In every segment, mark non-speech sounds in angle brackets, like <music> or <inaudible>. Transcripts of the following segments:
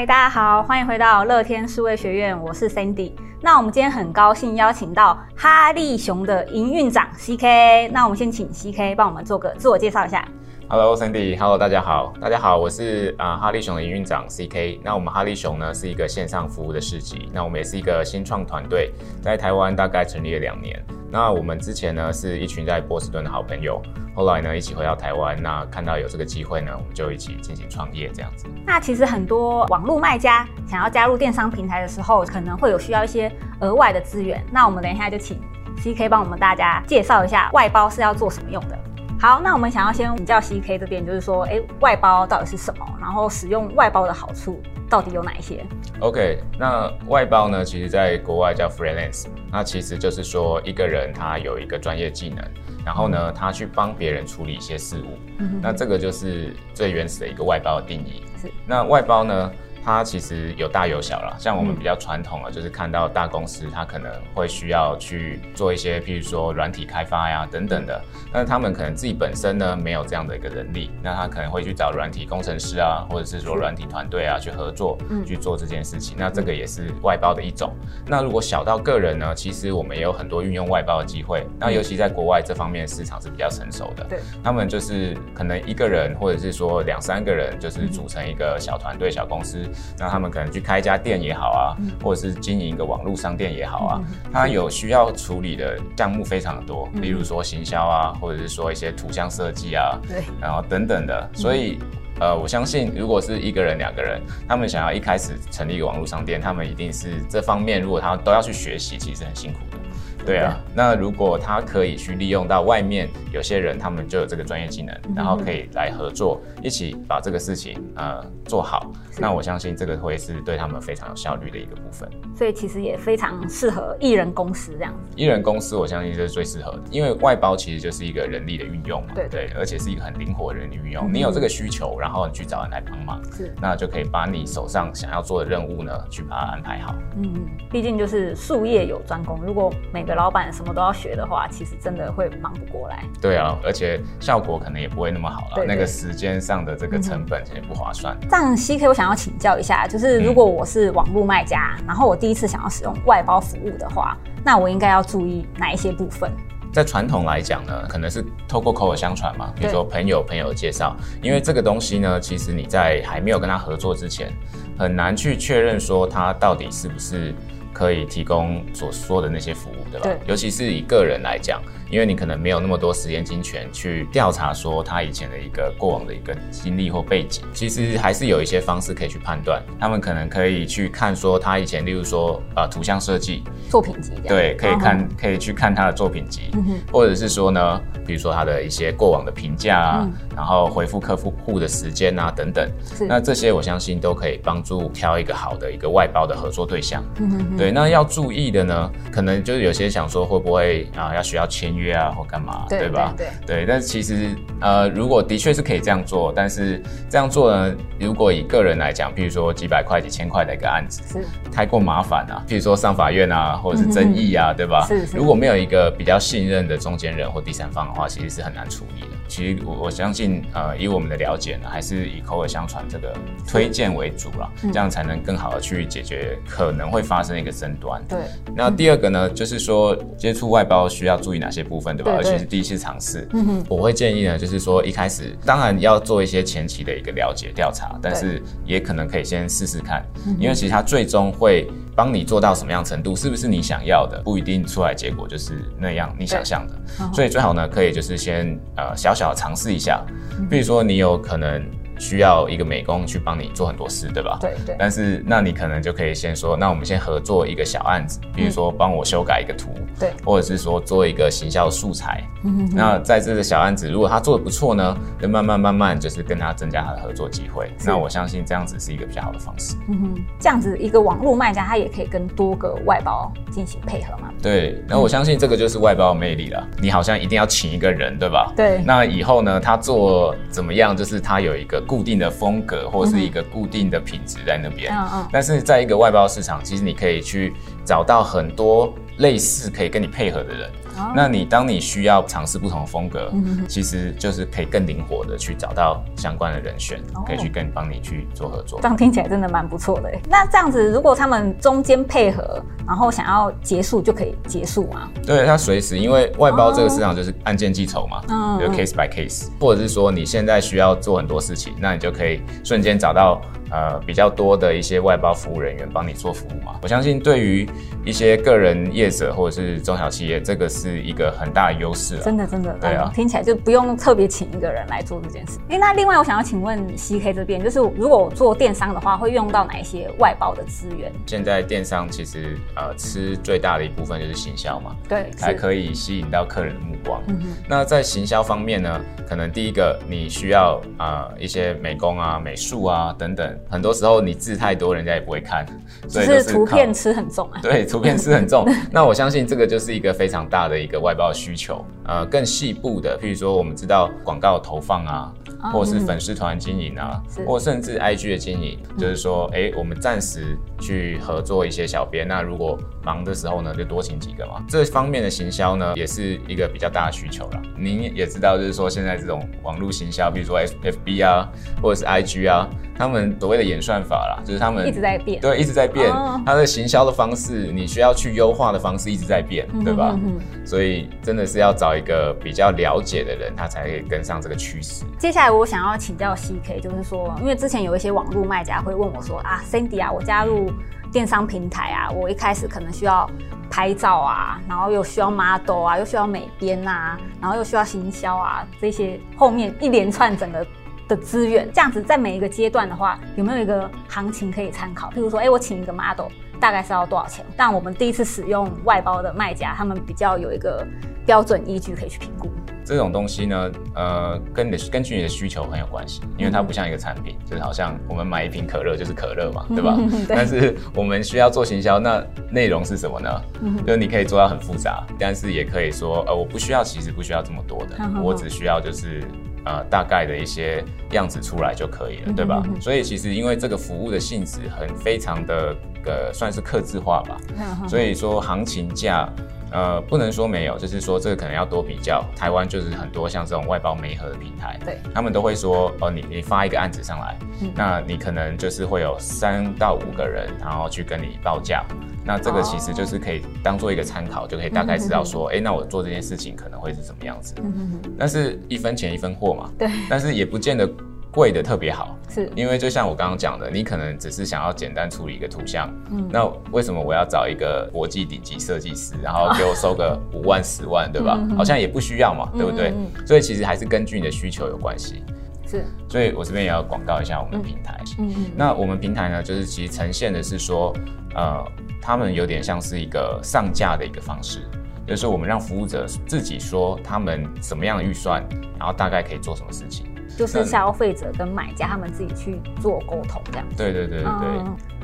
嗨，大家好，歡迎回到樂天數位學院，我是 Sandy。那我們今天很高興邀請到哈利熊的營運長 CK。那我們先請 CK 幫我們做個自我介紹一下。Hello Sandy，Hello 大家好，大家好，我是啊哈利熊的營運長 CK。那我們哈利熊呢是一個線上服務的市集，那我們也是一個新創團隊，在台灣大概成立了兩年。那我們之前呢是一群在波士頓的好朋友，後來呢一起回到台灣，那看到有這個機會呢，我們就一起進行創業這樣子。那其實很多網絡賣家想要加入電商平台的時候，可能會有需要一些額外的資源。那我們等一下就請 CK 幫我們大家介紹一下外包是要做什麼用的。好，那我們想要先請教 CK 這邊，就是說，哎、欸，外包到底是什麼？然後使用外包的好處到底有哪一些？OK，那外包呢，其實在國外叫 freelance，那其實就是說一個人他有一個專業技能，然後呢，他去幫別人處理一些事物，嗯哼，那這個就是最原始的一個外包的定義。是，那外包呢？它其實有大有小啦，像我們比較傳統啊，就是看到大公司，它、嗯、可能會需要去做一些，譬如說軟體開發呀等等的，嗯、但是他們可能自己本身呢、嗯、沒有這樣的一個人力，那他可能會去找軟體工程師啊，或者是說軟體團隊啊去合作，嗯、去做這件事情。那這個也是外包的一種。那如果小到個人呢，其實我們也有很多運用外包的機會。那尤其在國外這方面市場是比較成熟的，對、嗯，他們就是可能一個人或者是說兩三個人，就是組成一個小團隊、小公司。那他們可能去開一家店也好啊，嗯、或者是經營一個網絡商店也好啊，嗯、他有需要處理的項目非常的多，嗯、例如說行銷啊，或者是說一些圖像設計啊，對，然後等等的。所以，嗯、呃，我相信如果是一個人、兩個人，他們想要一開始成立一個網絡商店，他們一定是這方面如果他都要去學習，其實很辛苦。對啊，那如果他可以去利用到外面有些人，他們就有這個專業技能，然後可以來合作，一起把這個事情呃做好。是那我相信這個會是對他們非常有效率的一個部分。所以其實也非常適合一人公司這樣子。一人公司我相信就是最適合的，因為外包其實就是一個人力的運用嘛。對對，對，對，而且是一個很靈活的人力運用。嗯、你有這個需求，然後你去找人來幫忙，是，那就可以把你手上想要做的任務呢去把它安排好。嗯嗯，畢竟就是術業有專攻，嗯、如果每個。老闆什麼都要學的話，其實真的會忙不過來。對啊，而且效果可能也不會那麼好了。對對。那個時間上的這個成本也不划算。嗯。但 CK，我想要請教一下，就是如果我是網絡賣家，嗯。然後我第一次想要使用外包服務的話，那我應該要注意哪一些部分？在傳統來講呢，可能是透過口口相傳嘛，比如說朋友朋友介紹，對因為這個東西呢，其實你在還沒有跟他合作之前，很難去確認說他到底是不是。可以提供所說的那些服務對吧？對尤其是以個人來講，因為你可能沒有那麼多時間、金錢去調查說他以前的一個過往的一個經歷或背景，其實還是有一些方式可以去判斷。他們可能可以去看說他以前，例如說，啊，圖像設計作品集，對，可以看，啊、可以去看他的作品集，嗯、哼或者是說呢，比如說他的一些過往的評價啊，嗯、然後回復客戶的時間啊等等，是那這些我相信都可以幫助挑一個好的一個外包的合作對象。嗯哼哼。對，那要注意的呢，可能就是有些想說會不會啊、呃，要需要簽約啊或幹嘛，對，對吧？對對。對對對，但是其實呃，如果的確是可以這樣做，但是這樣做呢，如果以個人來講，比如說幾百塊、幾千塊的一個案子，是太過麻煩啊。比如說上法院啊，或者是爭議啊，嗯哼，對吧？是。是，如果沒有一個比較信任的中間人或第三方的話，其實是很難處理的。其實我我相信，呃，以我們的了解呢，還是以口耳相傳這個推薦為主了，嗯、這樣才能更好的去解決可能會發生的一個爭端。對。那第二個呢，嗯、就是說接觸外包需要注意哪些部分，對吧？對對對，而且是第一次嘗試。嗯哼。我會建議呢，就是說一開始當然要做一些前期的一個了解調查，但是也可能可以先試試看，對因為其實它最終會。幫你做到什麼樣程度，是不是你想要的？不一定出來結果就是那樣你想象的，對所以最好呢，可以就是先呃小小嘗試一下，嗯、比如說你有可能。需要一個美工去幫你做很多事，對吧？對對。對但是那你可能就可以先說，那我們先合作一個小案子，比如說幫我修改一個圖，對、嗯，或者是說做一個行銷素材。嗯哼對。那在這個小案子，如果他做得不錯呢，就慢慢慢慢就是跟他增加他的合作機會。是那我相信這樣子是一個比較好的方式。嗯哼。這樣子一個網絡賣家，他也可以跟多個外包進行配合嘛。對。那我相信這個就是外包的魅力了。你好像一定要請一個人，對吧？對。那以後呢，他做怎麼樣？就是他有一個。固定的風格或者是一個固定的品質在那邊，嗯、哼但是在一個外包市場，其實你可以去找到很多類似可以跟你配合的人，哦、那你當你需要嘗試不同的風格，嗯、哼其實就是可以更靈活的去找到相關的人選，哦、可以去跟幫你去做合作。這樣聽起來真的蠻不錯的耶。那這樣子，如果他們中間配合，然後想要結束就可以結束嗎？對，他隨時，因為外包這個市場就是案件計酬嘛，哦、比如 case by case，嗯嗯，或者是說你現在需要做很多事情，那你就可以瞬間找到。呃，比較多的一些外包服務人員幫你做服務嘛？我相信對於一些個人業者或者是中小企業，這個是一個很大的優勢了。真的，真的，真的，對啊、嗯，聽起來就不用特別請一個人來做這件事、欸。那另外我想要請問 CK 這邊，就是如果我做電商的話，會用到哪一些外包的資源？現在電商其實呃吃最大的一部分就是行銷嘛，對，才可以吸引到客人的目光。嗯嗯哼，那在行銷方面呢，可能第一個你需要啊、呃、一些美工啊、美術啊等等。很多時候你字太多，人家也不會看，所以是，是圖片吃很重啊。對，圖片吃很重。 <laughs> 那我相信這個就是一個非常大的一個外包需求。呃，更細部的，譬如說我們知道廣告投放啊，啊或者是粉絲團經營啊，嗯、或者甚至 I G 的經營，是就是說，哎、欸，我們暫時去合作一些小編。嗯、那如果忙的時候呢，就多請幾個嘛。這方面的行銷呢，也是一個比較大的需求了。您也知道，就是說現在這種網絡行銷，譬如說 F F B 啊，或者是 I G 啊。他們所謂的演算法啦，就是他們一直在變，對，一直在變。哦、他的行銷的方式，你需要去優化的方式一直在變，對吧？嗯哼嗯哼，所以真的是要找一個比較了解的人，他才可以跟上這個趨勢。接下來我想要請教 CK，就是說，因為之前有一些網絡賣家會問我說啊，Cindy 啊，我加入電商平台啊，我一開始可能需要拍照啊，然後又需要 model 啊，又需要美編啊，然後又需要行銷啊，這些後面一連串整個。的資源，這樣子在每一個階段的話，有沒有一個行情可以參考？譬如說，哎、欸，我請一個 model 大概是要多少錢？但我們第一次使用外包的賣家，他們比較有一個標準依據可以去評估。這種東西呢，呃，跟你的根據你的需求很有關係，因為它不像一個產品，嗯、就是好像我們買一瓶可樂就是可樂嘛，對吧？嗯、對。但是我們需要做行銷，那內容是什麼呢？嗯、就是你可以做到很複雜，但是也可以說，呃，我不需要，其實不需要這麼多的，嗯、對、我只需要就是。呃，大概的一些樣子出來就可以了，對吧？嗯嗯嗯，所以其實因為這個服務的性質很非常的。呃，算是客製化吧。Uh huh. 所以說行情價，呃，不能說沒有，就是說這個可能要多比較。台灣就是很多像這種外包媒合的平台，對他們都會說，哦，你你發一個案子上來，嗯、那你可能就是會有三到五個人，然後去跟你報價。那這個其實就是可以當做一個參考，oh. 就可以大概知道說，哎、嗯欸，那我做這件事情可能會是什麼樣子。嗯、哼哼但是，一分錢一分貨嘛。對。但是也不見得。貴的特別好，是因為就像我剛剛講的，你可能只是想要簡單處理一個圖像，嗯，那為什麼我要找一個國際頂級設計師，然後給我收個五萬十萬，啊，對吧？嗯嗯好像也不需要嘛，嗯嗯嗯對不對？所以其實還是根據你的需求有關係，是。所以，我這邊也要廣告一下我們的平台，嗯，嗯嗯那我們平台呢，就是其實呈現的是說，呃，他們有點像是一個上架的一個方式，就是說我們讓服務者自己說他們什麼樣的預算，然後大概可以做什麼事情。就是消費者跟買家他們自己去做溝通這樣子。對對對對。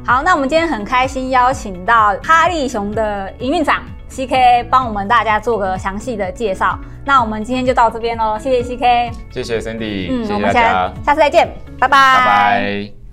好，那我們今天很開心邀請到哈利熊的營運長 CK 幫我們大家做個詳細的介紹。那我們今天就到這邊嘍，謝謝 CK，謝謝 Cindy，謝謝大家，嗯，我們下次再見，拜拜，拜拜。